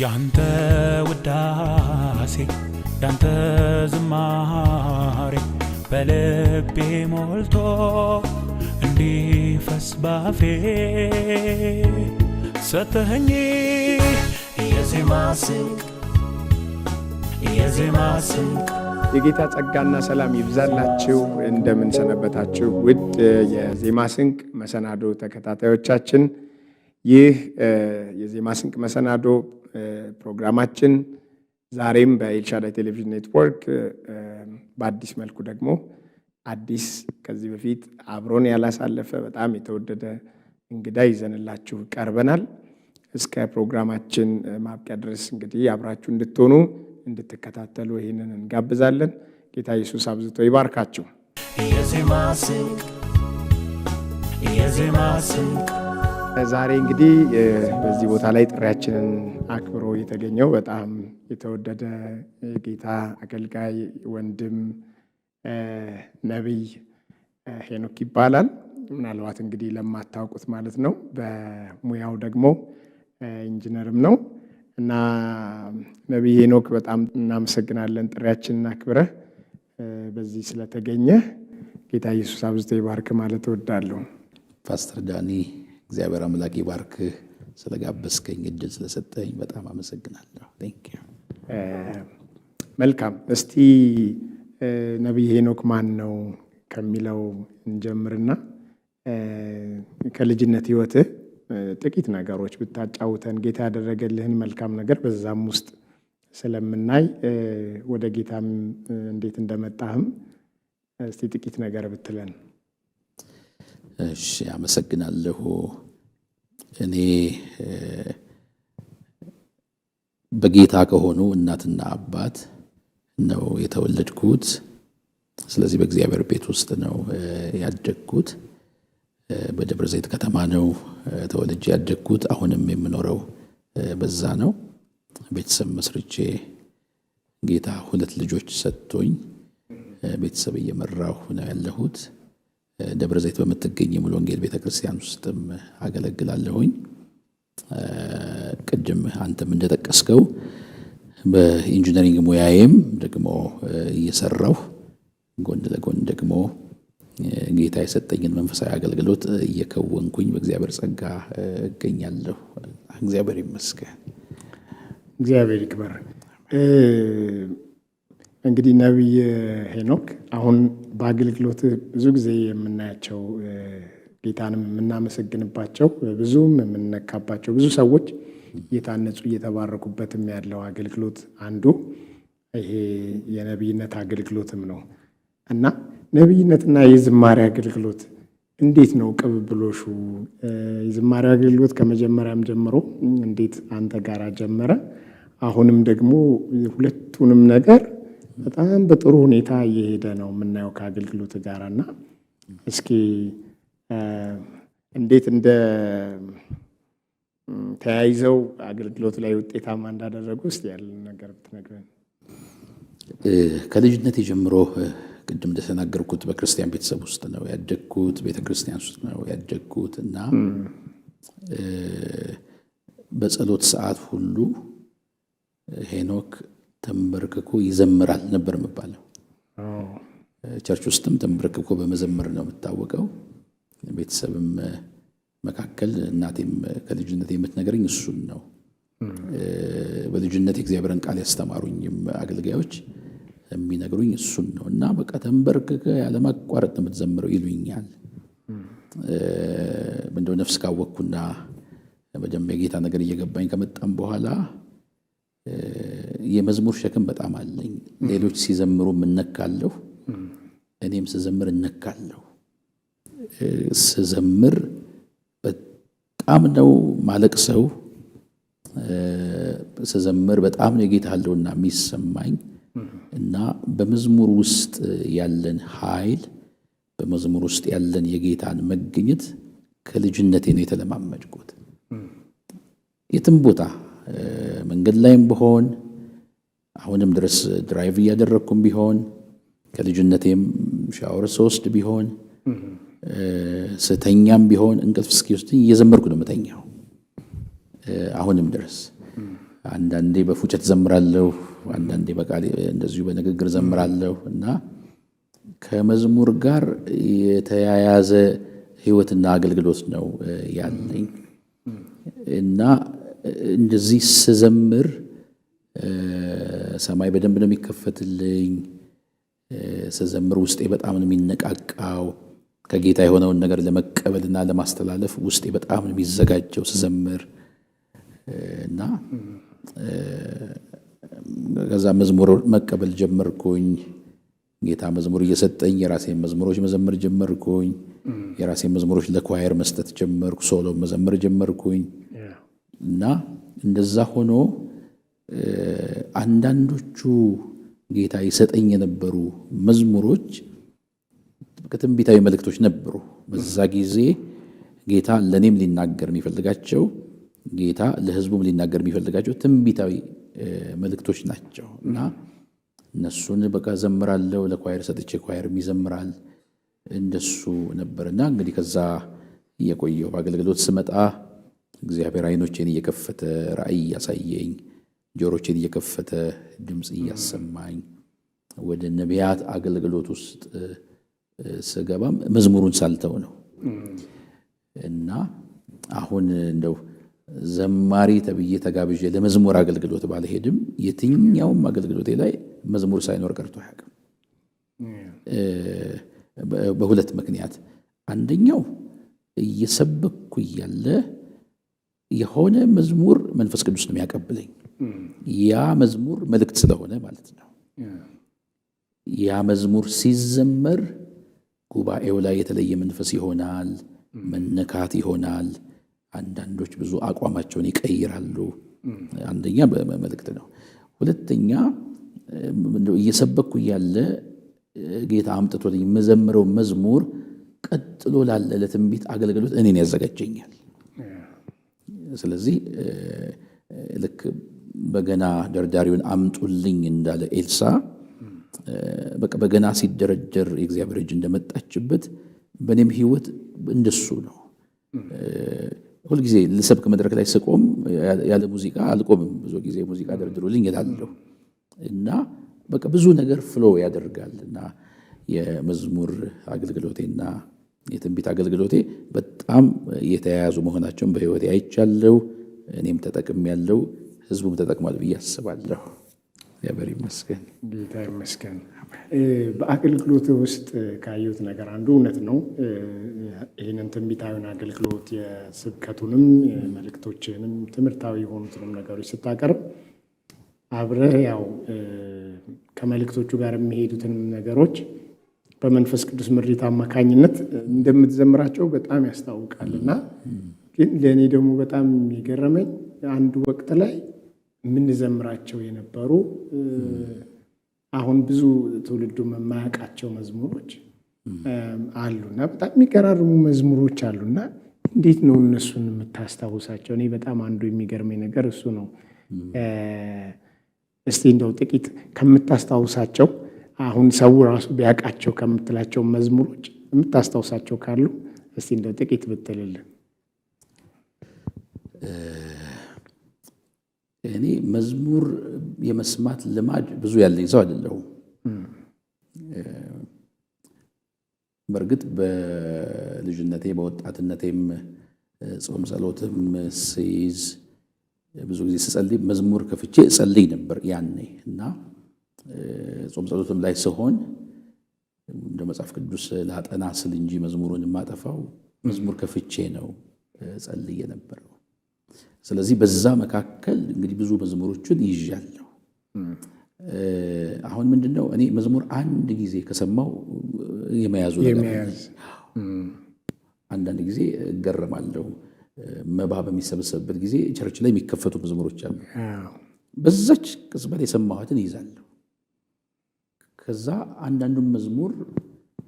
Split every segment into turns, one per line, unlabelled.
ያንተ ውዳሴ ያንተ ዝማሬ በልቤ ሞልቶ እንዲፈስ ባፌ ሰተኸኝ የዜማ ስንቅ የዜማ ስንቅ የጌታ ጸጋና ሰላም ይብዛላችሁ። እንደምን ሰነበታችሁ? ውድ የዜማ ስንቅ መሰናዶ ተከታታዮቻችን ይህ የዜማ ስንቅ መሰናዶ ፕሮግራማችን ዛሬም በኤልሻዳይ ቴሌቪዥን ኔትወርክ በአዲስ መልኩ ደግሞ አዲስ ከዚህ በፊት አብሮን ያላሳለፈ በጣም የተወደደ እንግዳ ይዘንላችሁ ቀርበናል። እስከ ፕሮግራማችን ማብቂያ ድረስ እንግዲህ አብራችሁ እንድትሆኑ እንድትከታተሉ ይህንን እንጋብዛለን። ጌታ ኢየሱስ አብዝቶ ይባርካችሁ። የዜማ ስንቅ የዜማ ስንቅ ዛሬ እንግዲህ በዚህ ቦታ ላይ ጥሪያችንን አክብሮ የተገኘው በጣም የተወደደ ጌታ አገልጋይ ወንድም ነቢይ ሄኖክ ይባላል። ምናልባት እንግዲህ ለማታውቁት ማለት ነው። በሙያው ደግሞ ኢንጂነርም ነው እና ነቢይ ሄኖክ በጣም እናመሰግናለን። ጥሪያችንን አክብረ በዚህ ስለተገኘ ጌታ ኢየሱስ አብዝተ ይባርክ ማለት እወዳለሁ።
ፓስተር ዳኒ እግዚአብሔር አምላክ ይባርክህ። ስለጋበዝከኝ እድል ስለሰጠኝ በጣም አመሰግናለሁ።
መልካም። እስቲ ነቢይ ሄኖክ ማን ነው ከሚለው እንጀምርና ከልጅነት ህይወትህ ጥቂት ነገሮች ብታጫውተን ጌታ ያደረገልህን መልካም ነገር በዛም ውስጥ ስለምናይ ወደ ጌታም እንዴት እንደመጣህም እስቲ ጥቂት ነገር ብትለን
እሺ አመሰግናለሁ። እኔ በጌታ ከሆኑ እናትና አባት ነው የተወለድኩት። ስለዚህ በእግዚአብሔር ቤት ውስጥ ነው ያደግኩት። በደብረ ዘይት ከተማ ነው ተወልጄ ያደግኩት። አሁንም የምኖረው በዛ ነው። ቤተሰብ መስርቼ ጌታ ሁለት ልጆች ሰጥቶኝ ቤተሰብ እየመራሁ ነው ያለሁት። ደብረ ዘይት በምትገኝ የሙሉ ወንጌል ቤተክርስቲያን ውስጥም አገለግላለሁኝ። ቅድም አንተም እንደጠቀስከው በኢንጂነሪንግ ሙያዬም ደግሞ እየሰራሁ ጎን ለጎን ደግሞ ጌታ የሰጠኝን መንፈሳዊ አገልግሎት እየከወንኩኝ በእግዚአብሔር ጸጋ እገኛለሁ። እግዚአብሔር ይመስገን።
እግዚአብሔር ይክበር። እንግዲህ ነቢይ ሄኖክ አሁን በአገልግሎት ብዙ ጊዜ የምናያቸው ጌታንም የምናመሰግንባቸው ብዙም የምንነካባቸው ብዙ ሰዎች እየታነጹ እየተባረኩበትም ያለው አገልግሎት አንዱ ይሄ የነቢይነት አገልግሎትም ነው እና ነቢይነትና የዝማሬ አገልግሎት እንዴት ነው ቅብብሎሹ? የዝማሬ አገልግሎት ከመጀመሪያም ጀምሮ እንዴት አንተ ጋር ጀመረ? አሁንም ደግሞ ሁለቱንም ነገር በጣም በጥሩ ሁኔታ እየሄደ ነው የምናየው ከአገልግሎት ጋር እና እስኪ እንዴት እንደ ተያይዘው አገልግሎት ላይ ውጤታማ እንዳደረጉ ውስጥ ያለን ነገር ብትነግረን።
ከልጅነት የጀምሮ ቅድም እንደተናገርኩት በክርስቲያን ቤተሰብ ውስጥ ነው ያደግኩት፣ ቤተክርስቲያን ውስጥ ነው ያደግኩት እና በጸሎት ሰዓት ሁሉ ሄኖክ ተንበርክኮ ይዘምራል ነበር የሚባለው። ቸርች ውስጥም ተንበርክኮ በመዘመር ነው የምታወቀው። ቤተሰብም መካከል እናቴም ከልጅነት የምትነግረኝ እሱን ነው። በልጅነት የእግዚአብሔርን ቃል ያስተማሩኝም አገልጋዮች የሚነግሩኝ እሱን ነው እና በቃ ተንበርክከ ያለማቋረጥ የምትዘምረው ይሉኛል። እንደው ነፍስ ካወቅኩና መጀመሪያ ጌታ ነገር እየገባኝ ከመጣም በኋላ የመዝሙር ሸክም በጣም አለኝ። ሌሎች ሲዘምሩም እነካለሁ፣ እኔም ስዘምር እነካለሁ። ስዘምር በጣም ነው ማለቅ ሰው ስዘምር በጣም ነው የጌታ አለውና የሚሰማኝ እና በመዝሙር ውስጥ ያለን ኃይል በመዝሙር ውስጥ ያለን የጌታን መገኘት ከልጅነቴ ነው የተለማመድኩት። የትም ቦታ መንገድ ላይም ብሆን አሁንም ድረስ ድራይቭ እያደረግኩም ቢሆን ከልጅነቴም ሻወር ሶስት ቢሆን ስተኛም ቢሆን እንቅልፍ እስኪወስደኝ እየዘመርኩ ነው መተኛው። አሁንም ድረስ አንዳንዴ በፉጨት ዘምራለሁ፣ አንዳንዴ በቃል እንደዚሁ በንግግር ዘምራለሁ እና ከመዝሙር ጋር የተያያዘ ህይወትና አገልግሎት ነው ያለኝ እና እንደዚህ ስዘምር ሰማይ በደንብ ነው የሚከፈትልኝ። ስዘምር ውስጤ በጣም ነው የሚነቃቃው። ከጌታ የሆነውን ነገር ለመቀበልና ለማስተላለፍ ውስጤ በጣም ነው የሚዘጋጀው ስዘምር እና ከዛ መዝሙር መቀበል ጀመርኩኝ። ጌታ መዝሙር እየሰጠኝ የራሴን መዝሙሮች መዘምር ጀመርኩኝ። የራሴን መዝሙሮች ለኳየር መስጠት ጀመርኩ። ሶሎ መዘምር ጀመርኩኝ እና እንደዛ ሆኖ አንዳንዶቹ ጌታ ይሰጠኝ የነበሩ መዝሙሮች ከትንቢታዊ መልእክቶች ነበሩ። በዛ ጊዜ ጌታ ለእኔም ሊናገር የሚፈልጋቸው ጌታ ለሕዝቡም ሊናገር የሚፈልጋቸው ትንቢታዊ መልእክቶች ናቸው እና እነሱን በቃ ዘምራለሁ። ለኳየር ሰጥቼ ኳየርም ይዘምራል። እንደሱ ነበርና እንግዲህ ከዛ እየቆየሁ በአገልግሎት ስመጣ እግዚአብሔር አይኖቼን እየከፈተ ራእይ ያሳየኝ ጆሮችን እየከፈተ ድምፅ እያሰማኝ ወደ ነቢያት አገልግሎት ውስጥ ስገባም መዝሙሩን ሳልተው ነው እና አሁን እንደው ዘማሪ ተብዬ ተጋብዤ ለመዝሙር አገልግሎት ባልሄድም የትኛውም አገልግሎቴ ላይ መዝሙር ሳይኖር ቀርቶ አያውቅም። በሁለት ምክንያት፣ አንደኛው እየሰበኩ እያለ የሆነ መዝሙር መንፈስ ቅዱስ ነው የሚያቀብለኝ። ያ መዝሙር መልእክት ስለሆነ ማለት ነው። ያ መዝሙር ሲዘመር ጉባኤው ላይ የተለየ መንፈስ ይሆናል፣ መነካት ይሆናል። አንዳንዶች ብዙ አቋማቸውን ይቀይራሉ። አንደኛ በመልእክት ነው። ሁለተኛ እየሰበኩ ያለ ጌታ አምጥቶልኝ የምዘምረው መዝሙር ቀጥሎ ላለ ለትንቢት አገልግሎት እኔን ያዘጋጀኛል። ስለዚህ ልክ በገና ደርዳሪውን አምጡልኝ እንዳለ ኤልሳ በቃ በገና ሲደረደር የእግዚአብሔር እጅ እንደመጣችበት በእኔም ህይወት እንደሱ ነው። ሁልጊዜ ልሰብክ መድረክ ላይ ስቆም ያለ ሙዚቃ አልቆምም። ብዙ ጊዜ ሙዚቃ ደርድሩልኝ እላለሁ እና በቃ ብዙ ነገር ፍሎ ያደርጋል እና የመዝሙር አገልግሎቴና የትንቢት አገልግሎቴ በጣም የተያያዙ መሆናቸውን በህይወት አይቻለው። እኔም ተጠቅም ያለው ህዝቡም ተጠቅሟል ብዬ አስባለሁ። እግዚአብሔር ይመስገን፣
ጌታ ይመስገን። በአገልግሎት ውስጥ ካየሁት ነገር አንዱ እውነት ነው። ይህንን ትንቢታዊን አገልግሎት የስብከቱንም መልእክቶችንም ትምህርታዊ የሆኑትንም ነገሮች ስታቀርብ አብረህ ያው ከመልእክቶቹ ጋር የሚሄዱትንም ነገሮች በመንፈስ ቅዱስ ምሪት አማካኝነት እንደምትዘምራቸው በጣም ያስታውቃል እና ግን ለእኔ ደግሞ በጣም የገረመኝ አንድ ወቅት ላይ የምንዘምራቸው የነበሩ አሁን ብዙ ትውልዱ የማያውቃቸው መዝሙሮች አሉና በጣም የሚቀራርሙ መዝሙሮች አሉና እንዴት ነው እነሱን የምታስታውሳቸው? እኔ በጣም አንዱ የሚገርመኝ ነገር እሱ ነው። እስቲ እንደው ጥቂት ከምታስታውሳቸው አሁን ሰው ራሱ ቢያውቃቸው ከምትላቸው መዝሙሮች የምታስታውሳቸው ካሉ እስቲ እንደው ጥቂት ብትልልን።
እኔ መዝሙር የመስማት ልማድ ብዙ ያለኝ ሰው አይደለሁም። በእርግጥ በልጅነቴ በወጣትነቴም ጾም ጸሎትም ስይዝ ብዙ ጊዜ ስጸልይ መዝሙር ከፍቼ እጸልይ ነበር ያኔ እና ጾም ጸሎትም ላይ ስሆን እንደ መጽሐፍ ቅዱስ ላጠና ስል እንጂ መዝሙሩን የማጠፋው መዝሙር ከፍቼ ነው ጸልዬ ነበረው። ስለዚህ በዛ መካከል እንግዲህ ብዙ መዝሙሮችን ይዣለሁ። አሁን ምንድን ነው እኔ መዝሙር አንድ ጊዜ ከሰማው የመያዙ አንዳንድ ጊዜ እገረማለሁ። መባ በሚሰበሰብበት ጊዜ ቸርች ላይ የሚከፈቱ መዝሙሮች አሉ። በዛች ቅጽበት የሰማኋትን ይይዛለሁ። ከዛ አንዳንዱን መዝሙር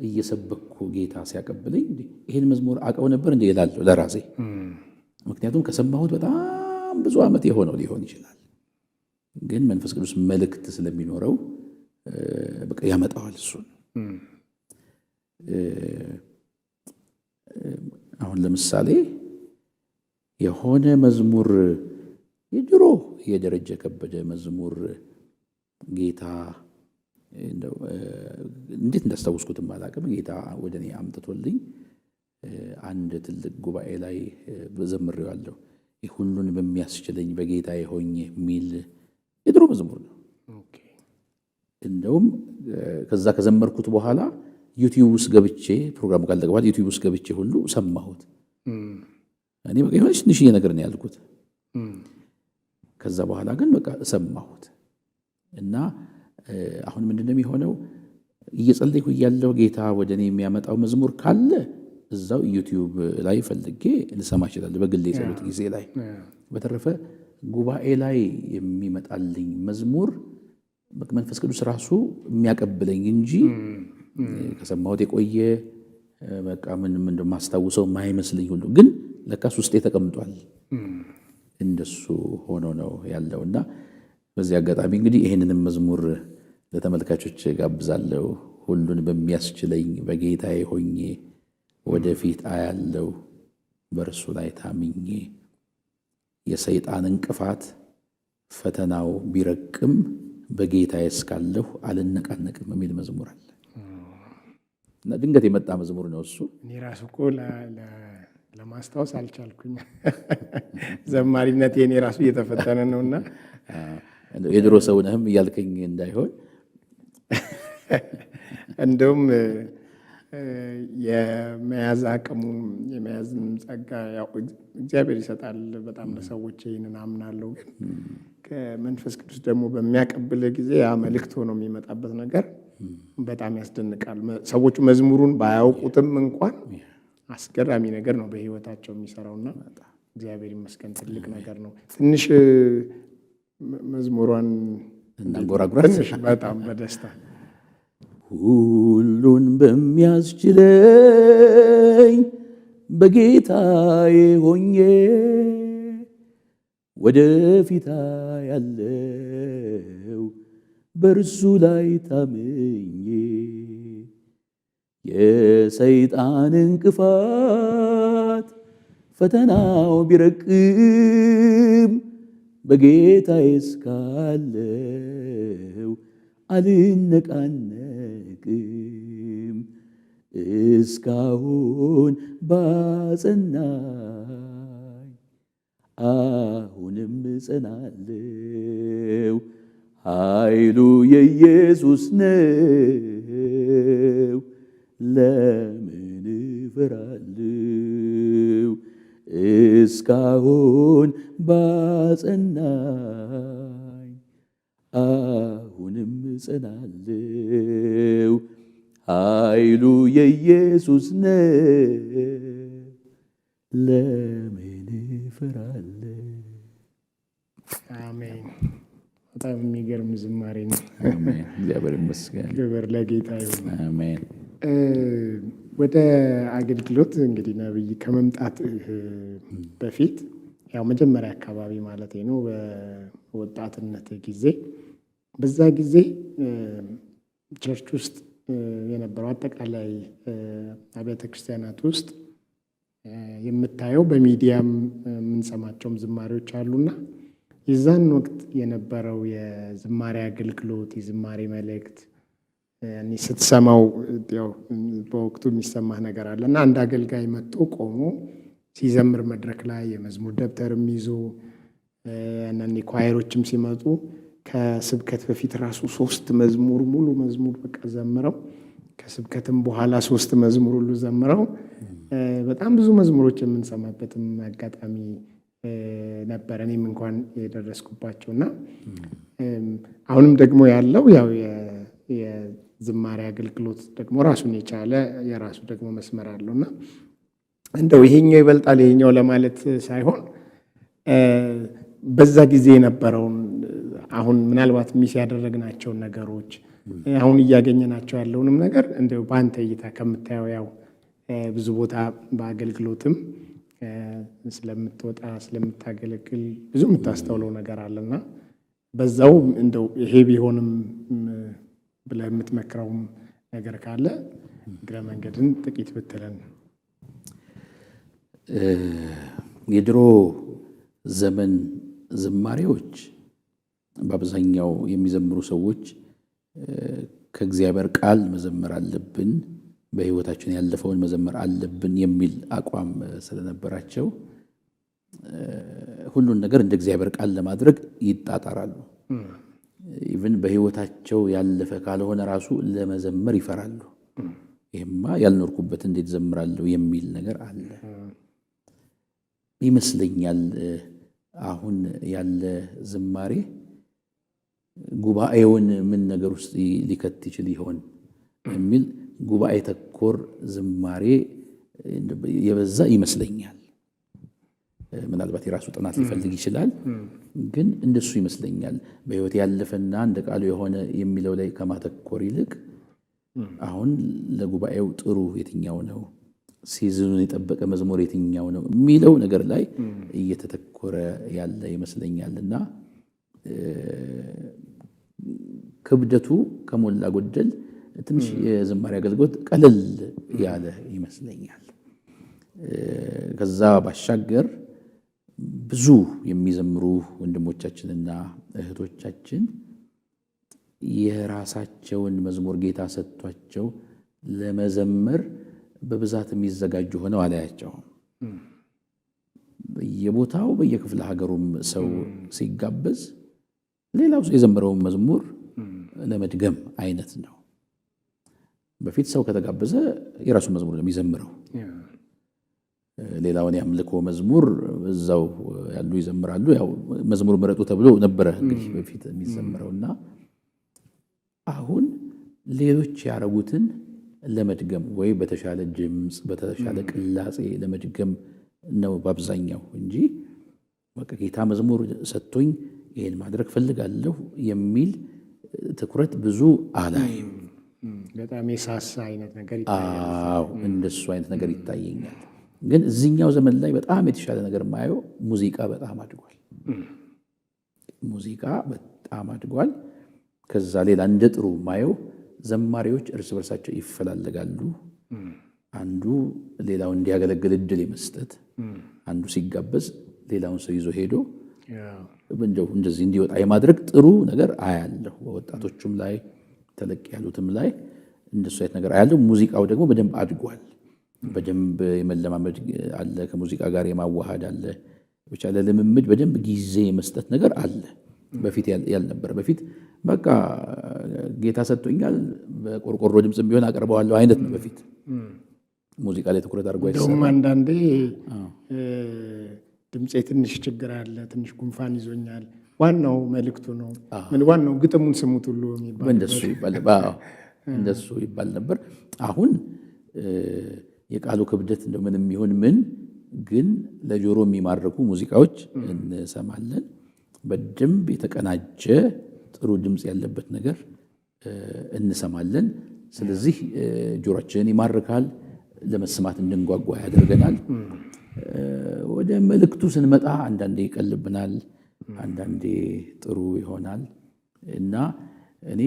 እየሰበኩ ጌታ ሲያቀብለኝ ይህን መዝሙር አቀው ነበር እንዲ ይላለሁ ለራሴ። ምክንያቱም ከሰማሁት በጣም ብዙ ዓመት የሆነው ሊሆን ይችላል፣ ግን መንፈስ ቅዱስ መልእክት ስለሚኖረው በቃ ያመጣዋል እሱን። አሁን ለምሳሌ የሆነ መዝሙር የድሮ የደረጀ ከበደ መዝሙር ጌታ እንዴት እንዳስታወስኩት ባላቅም ጌታ ወደ እኔ አምጥቶልኝ አንድ ትልቅ ጉባኤ ላይ ዘምሬዋለሁ። ሁሉን በሚያስችለኝ በጌታ የሆኝ የሚል የድሮ መዝሙር ነው። እንደውም ከዛ ከዘመርኩት በኋላ ዩቲዩብ ውስጥ ገብቼ ፕሮግራሙ ካለቀ ዩቲዩብ ውስጥ ገብቼ ሁሉ ሰማሁት። እኔ በቃ የሆነች ትንሽዬ ነገር ነው ያልኩት። ከዛ በኋላ ግን በቃ ሰማሁት እና አሁን ምንድነው የሚሆነው? እየጸለይኩ እያለሁ ጌታ ወደ እኔ የሚያመጣው መዝሙር ካለ እዛው ዩቲዩብ ላይ ፈልጌ ልሰማ እችላለሁ፣ በግሌ የጸሎት ጊዜ ላይ። በተረፈ ጉባኤ ላይ የሚመጣልኝ መዝሙር መንፈስ ቅዱስ ራሱ የሚያቀብለኝ እንጂ ከሰማሁት የቆየ በቃ ምንም እንደማስታውሰው ማይመስልኝ ሁሉ ግን ለካስ ውስጤ ተቀምጧል። እንደሱ ሆኖ ነው ያለውና በዚህ አጋጣሚ እንግዲህ ይህንንም መዝሙር ለተመልካቾች ጋብዛለሁ። ሁሉን በሚያስችለኝ በጌታዬ ሆኜ ወደፊት አያለው በእርሱ ላይ ታምኜ የሰይጣን እንቅፋት ፈተናው ቢረቅም በጌታዬ እስካለሁ አልነቃነቅም የሚል መዝሙር አለ እና ድንገት የመጣ መዝሙር ነው እሱ።
እኔ ራሱ እኮ ለማስታወስ አልቻልኩኝ። ዘማሪነት የኔ ራሱ እየተፈተነ ነውና
የድሮ ሰውነህም እያልከኝ እንዳይሆን
እንደውም የመያዝ አቅሙ የመያዝም ጸጋ እግዚአብሔር ይሰጣል በጣም ለሰዎች ይህንን አምናለሁ። ግን ከመንፈስ ቅዱስ ደግሞ በሚያቀብል ጊዜ ያ መልእክት ሆኖ የሚመጣበት ነገር በጣም ያስደንቃል። ሰዎቹ መዝሙሩን ባያውቁትም እንኳን አስገራሚ ነገር ነው በህይወታቸው የሚሰራውና እግዚአብሔር ይመስገን ትልቅ ነገር ነው። ትንሽ መዝሙሯን እናንጎራጉራለን በጣም በደስታ
ሁሉን በሚያስችለኝ በጌታዬ ሆኜ ወደፊታ ያለው በእርሱ ላይ ታምኜ የሰይጣን እንቅፋት ፈተናው ቢረቅም በጌታ እስካለው አልነቃነቅም እስካሁን ባጸናኝ አሁንም እጸናለው። ኃይሉ የኢየሱስ ነው፣ ለምን እፈራለው? እስካሁን ባጸናኝ አሁንም እጸናለው። ኃይሉ የኢየሱስ ነው፣ ለምን እፈራለሁ?
አሜን። በጣም የሚገርም ዝማሬ ነው።
እግዚአብሔር ይመስገን።
ክብር ለጌታ ይሁን። አሜን። ወደ አገልግሎት እንግዲህ ነብይ ከመምጣት በፊት ያው መጀመሪያ አካባቢ ማለት ነው። በወጣትነት ጊዜ በዛ ጊዜ ቸርች ውስጥ የነበረው አጠቃላይ አብያተ ክርስቲያናት ውስጥ የምታየው በሚዲያም የምንሰማቸውም ዝማሬዎች አሉና የዛን ወቅት የነበረው የዝማሬ አገልግሎት፣ የዝማሬ መልእክት ስትሰማው ያው በወቅቱ የሚሰማህ ነገር አለ እና አንድ አገልጋይ መጥቶ ቆሞ ሲዘምር መድረክ ላይ የመዝሙር ደብተርም ይዞ ያንን ኳየሮችም ሲመጡ ከስብከት በፊት ራሱ ሶስት መዝሙር ሙሉ መዝሙር በቃ ዘምረው ከስብከትም በኋላ ሶስት መዝሙር ሁሉ ዘምረው በጣም ብዙ መዝሙሮች የምንሰማበትም አጋጣሚ ነበረ እኔም እንኳን የደረስኩባቸው እና አሁንም ደግሞ ያለው ያው ዝማሬ አገልግሎት ደግሞ ራሱን የቻለ የራሱ ደግሞ መስመር አለው እና እንደው ይሄኛው ይበልጣል ይሄኛው ለማለት ሳይሆን በዛ ጊዜ የነበረውን አሁን ምናልባት ሚስ ያደረግናቸውን ነገሮች አሁን እያገኘናቸው ያለውንም ነገር እንደው በአንተ እይታ ከምታየው ያው ብዙ ቦታ በአገልግሎትም ስለምትወጣ ስለምታገለግል ብዙ የምታስተውለው ነገር አለና በዛው እንደው ይሄ ቢሆንም ብለ የምትመክረውም ነገር ካለ እግረ መንገድን ጥቂት ብትለን።
የድሮ ዘመን ዝማሬዎች በአብዛኛው የሚዘምሩ ሰዎች ከእግዚአብሔር ቃል መዘመር አለብን፣ በሕይወታችን ያለፈውን መዘመር አለብን የሚል አቋም ስለነበራቸው ሁሉን ነገር እንደ እግዚአብሔር ቃል ለማድረግ ይጣጣራሉ። ኢቭን በህይወታቸው ያለፈ ካልሆነ ራሱ ለመዘመር ይፈራሉ። ይህማ ያልኖርኩበት እንዴት ዘምራለሁ የሚል ነገር አለ ይመስለኛል። አሁን ያለ ዝማሬ ጉባኤውን ምን ነገር ውስጥ ሊከት ይችል ይሆን የሚል ጉባኤ ተኮር ዝማሬ የበዛ ይመስለኛል። ምናልባት የራሱ ጥናት ሊፈልግ ይችላል። ግን እንደሱ ይመስለኛል በህይወት ያለፈና እንደ ቃሉ የሆነ የሚለው ላይ ከማተኮር ይልቅ አሁን ለጉባኤው ጥሩ የትኛው ነው፣ ሲዝኑን የጠበቀ መዝሙር የትኛው ነው የሚለው ነገር ላይ እየተተኮረ ያለ ይመስለኛል እና ክብደቱ ከሞላ ጎደል ትንሽ የዝማሬ አገልግሎት ቀለል ያለ ይመስለኛል። ከዛ ባሻገር ብዙ የሚዘምሩ ወንድሞቻችንና እህቶቻችን የራሳቸውን መዝሙር ጌታ ሰጥቷቸው ለመዘመር በብዛት የሚዘጋጁ ሆነው አላያቸውም። በየቦታው በየክፍለ ሀገሩም ሰው ሲጋበዝ ሌላው የዘመረውን መዝሙር ለመድገም አይነት ነው። በፊት ሰው ከተጋበዘ የራሱን መዝሙር ነው የሚዘምረው። ሌላውን የአምልኮ መዝሙር እዛው ያሉ ይዘምራሉ። ያው መዝሙር ምረጡ ተብሎ ነበረ እንግዲህ በፊት እና አሁን ሌሎች ያደረጉትን ለመድገም ወይ በተሻለ ድምፅ በተሻለ ቅላጼ ለመድገም ነው በአብዛኛው እንጂ ጌታ መዝሙር ሰጥቶኝ ይህን ማድረግ ፈልጋለሁ የሚል ትኩረት ብዙ አላይም።
በጣም የሳሳ አይነት ነገር
ይታያል። እንደሱ አይነት ነገር ይታየኛል። ግን እዚኛው ዘመን ላይ በጣም የተሻለ ነገር የማየው ሙዚቃ በጣም አድጓል። ሙዚቃ በጣም አድጓል። ከዛ ሌላ እንደ ጥሩ የማየው ዘማሪዎች እርስ በርሳቸው ይፈላለጋሉ። አንዱ ሌላውን እንዲያገለግል እድል የመስጠት አንዱ ሲጋበዝ ሌላውን ሰው ይዞ ሄዶ እንደዚህ እንዲወጣ የማድረግ ጥሩ ነገር አያለሁ። በወጣቶቹም ላይ ተለቅ ያሉትም ላይ እንደሱ አይነት ነገር አያለሁ። ሙዚቃው ደግሞ በደንብ አድጓል። በደንብ የመለማመድ አለ፣ ከሙዚቃ ጋር የማዋሃድ አለ። ብቻ ለልምምድ በደንብ ጊዜ የመስጠት ነገር አለ፣ በፊት ያልነበረ። በፊት በቃ ጌታ ሰጥቶኛል በቆርቆሮ ድምፅ ቢሆን አቀርበዋለሁ አይነት ነው በፊት። ሙዚቃ ላይ ትኩረት አድርጎ
አይሰራም። አንዳንዴ ድምፄ ትንሽ ችግር አለ፣ ትንሽ ጉንፋን ይዞኛል፣ ዋናው መልእክቱ ነው፣ ዋናው ግጥሙን ስሙት ሁሉ
እንደሱ ይባል ነበር። አሁን የቃሉ ክብደት እንደምንም ይሁን ምን ግን ለጆሮ የሚማርኩ ሙዚቃዎች እንሰማለን። በደንብ የተቀናጀ ጥሩ ድምፅ ያለበት ነገር እንሰማለን። ስለዚህ ጆሮችንን ይማርካል፣ ለመስማት እንድንጓጓ ያደርገናል። ወደ መልእክቱ ስንመጣ አንዳንዴ ይቀልብናል፣ አንዳንዴ ጥሩ ይሆናል እና እኔ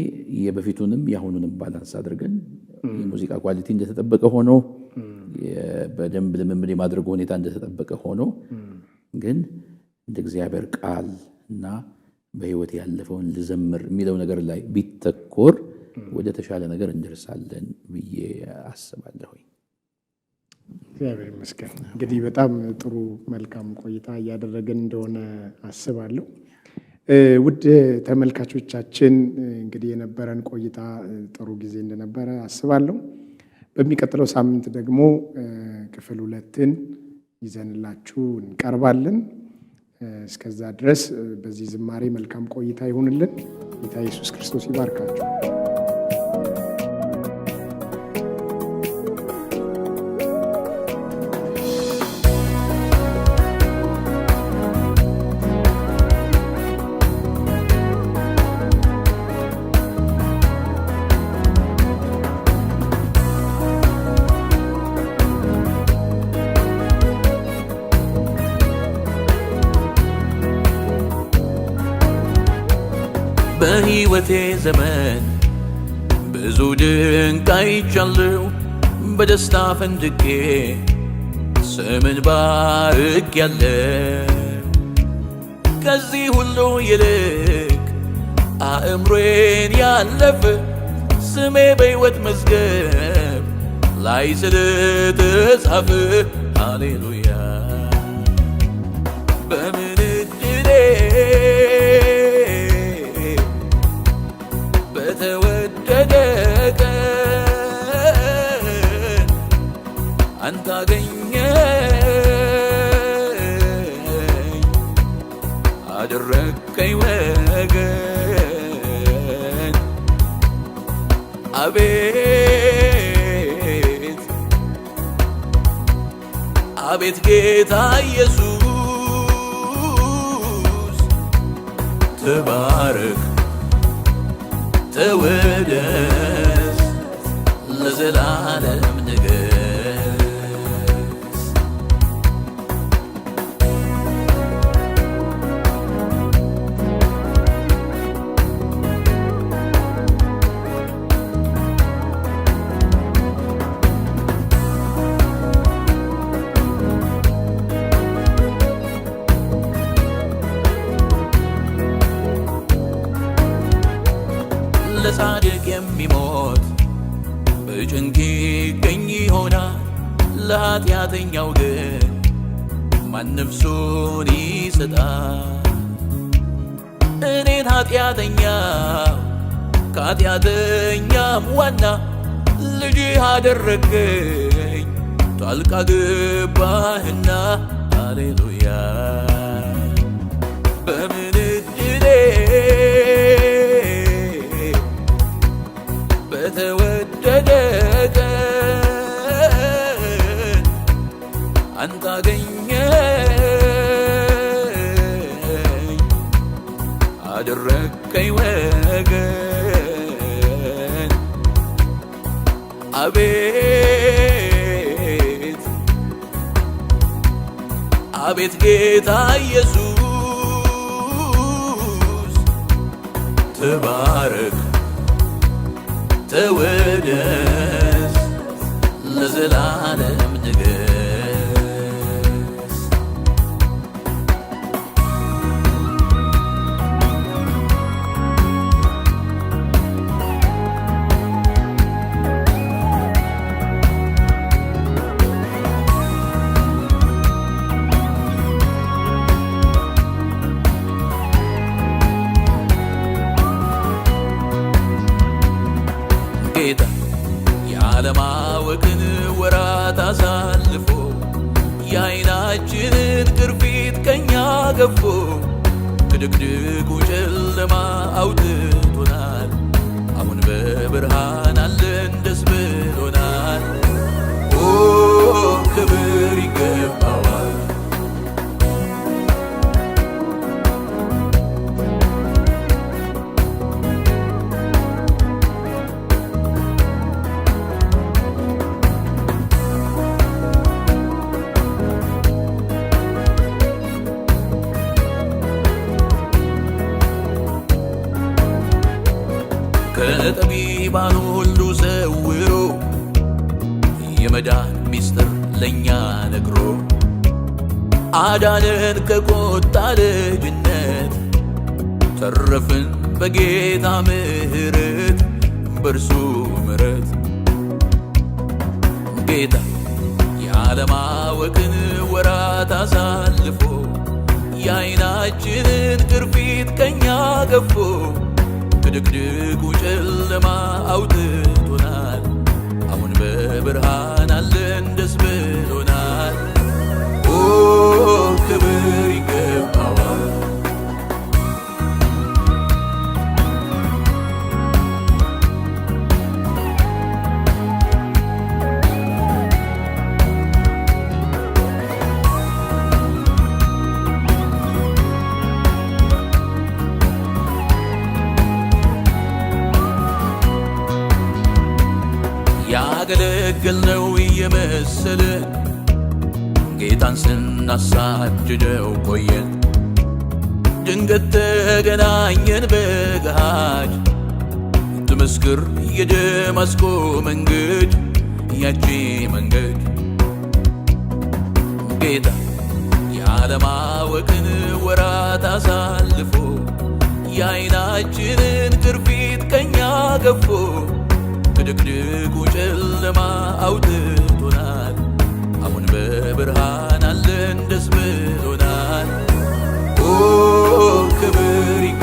የበፊቱንም የአሁኑንም ባላንስ አድርገን የሙዚቃ ኳሊቲ እንደተጠበቀ ሆኖ በደንብ ልምምድ የማድረጉ ሁኔታ እንደተጠበቀ ሆኖ ግን እንደ እግዚአብሔር ቃል እና በህይወት ያለፈውን ልዘምር የሚለው ነገር ላይ ቢተኮር ወደ ተሻለ ነገር እንደርሳለን ብዬ አስባለሁ
እግዚአብሔር ይመስገን። እንግዲህ በጣም ጥሩ መልካም ቆይታ እያደረገን እንደሆነ አስባለሁ። ውድ ተመልካቾቻችን እንግዲህ የነበረን ቆይታ ጥሩ ጊዜ እንደነበረ አስባለሁ። በሚቀጥለው ሳምንት ደግሞ ክፍል ሁለትን ይዘንላችሁ እንቀርባለን። እስከዛ ድረስ በዚህ ዝማሬ መልካም ቆይታ ይሁንልን። ጌታ ኢየሱስ ክርስቶስ ይባርካችሁ።
በሕይወቴ ዘመን ብዙ ድንቅ አይቻለሁ በደስታ ፈንድቄ ስምን ባርክ ያለ ከዚህ ሁሉ ይልቅ አእምሮዬን ያለፈ ስሜ በሕይወት መዝገብ ላይ ስለተጻፈ ሃሌሉ አቤት አቤት ጌታ ኢየሱስ ትባረክ ተወደስ ለዘላለም ንገ አደረገኝ ጣልቃ ገባህና አሌሉያ አቤት ጌታ ኢየሱስ ትባረክ ተወደስ ለዘላ ሌባን ሁሉ ዘውሮ የመዳን ሚስጥር ለእኛ ነግሮ አዳነን ከቁጣ ልጅነት ተረፍን በጌታ ምህረት በእርሱ ምሕረት ጌታ የዓለማወቅን ወራት አሳልፎ የዓይናችንን ግርፊት ከእኛ ገፎ ከድቅድቁ ጨለማ አውጥቶናል። አሁን በብርሃን አለን ደስ ብሎናል። ክብር ምድር የደማስቆ መንገድ ያቺ መንገድ ጌታ የዓለማወቅን ወራት አሳልፎ የዓይናችንን ቅርፊት ቀኛ ገፎ ከድቅድቁ ጨለማ አውጥቶናል። አሁን በብርሃን አለን ደስ ብሎናል። ክብር ይገ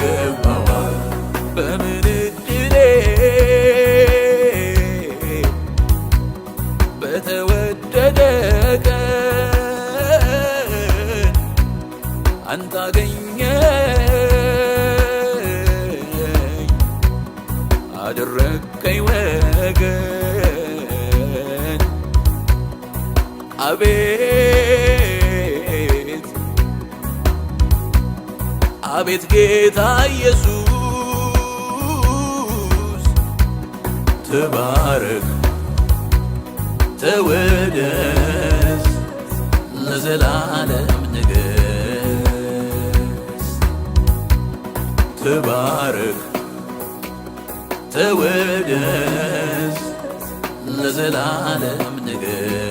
አቤት ጌታ ኢየሱስ ትባረክ ተወደስ ለዘላለም ንገስ ትባረክ ተወደስ ለዘላለም ንገስ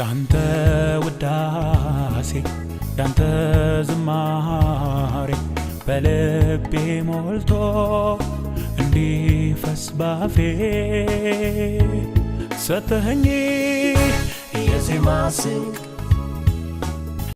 ያንተ ውዳሴ ያንተ ዝማሬ በልቤ ሞልቶ እንዲፈስ ባፌ ሰተኸኝ የዜማ ስንቅ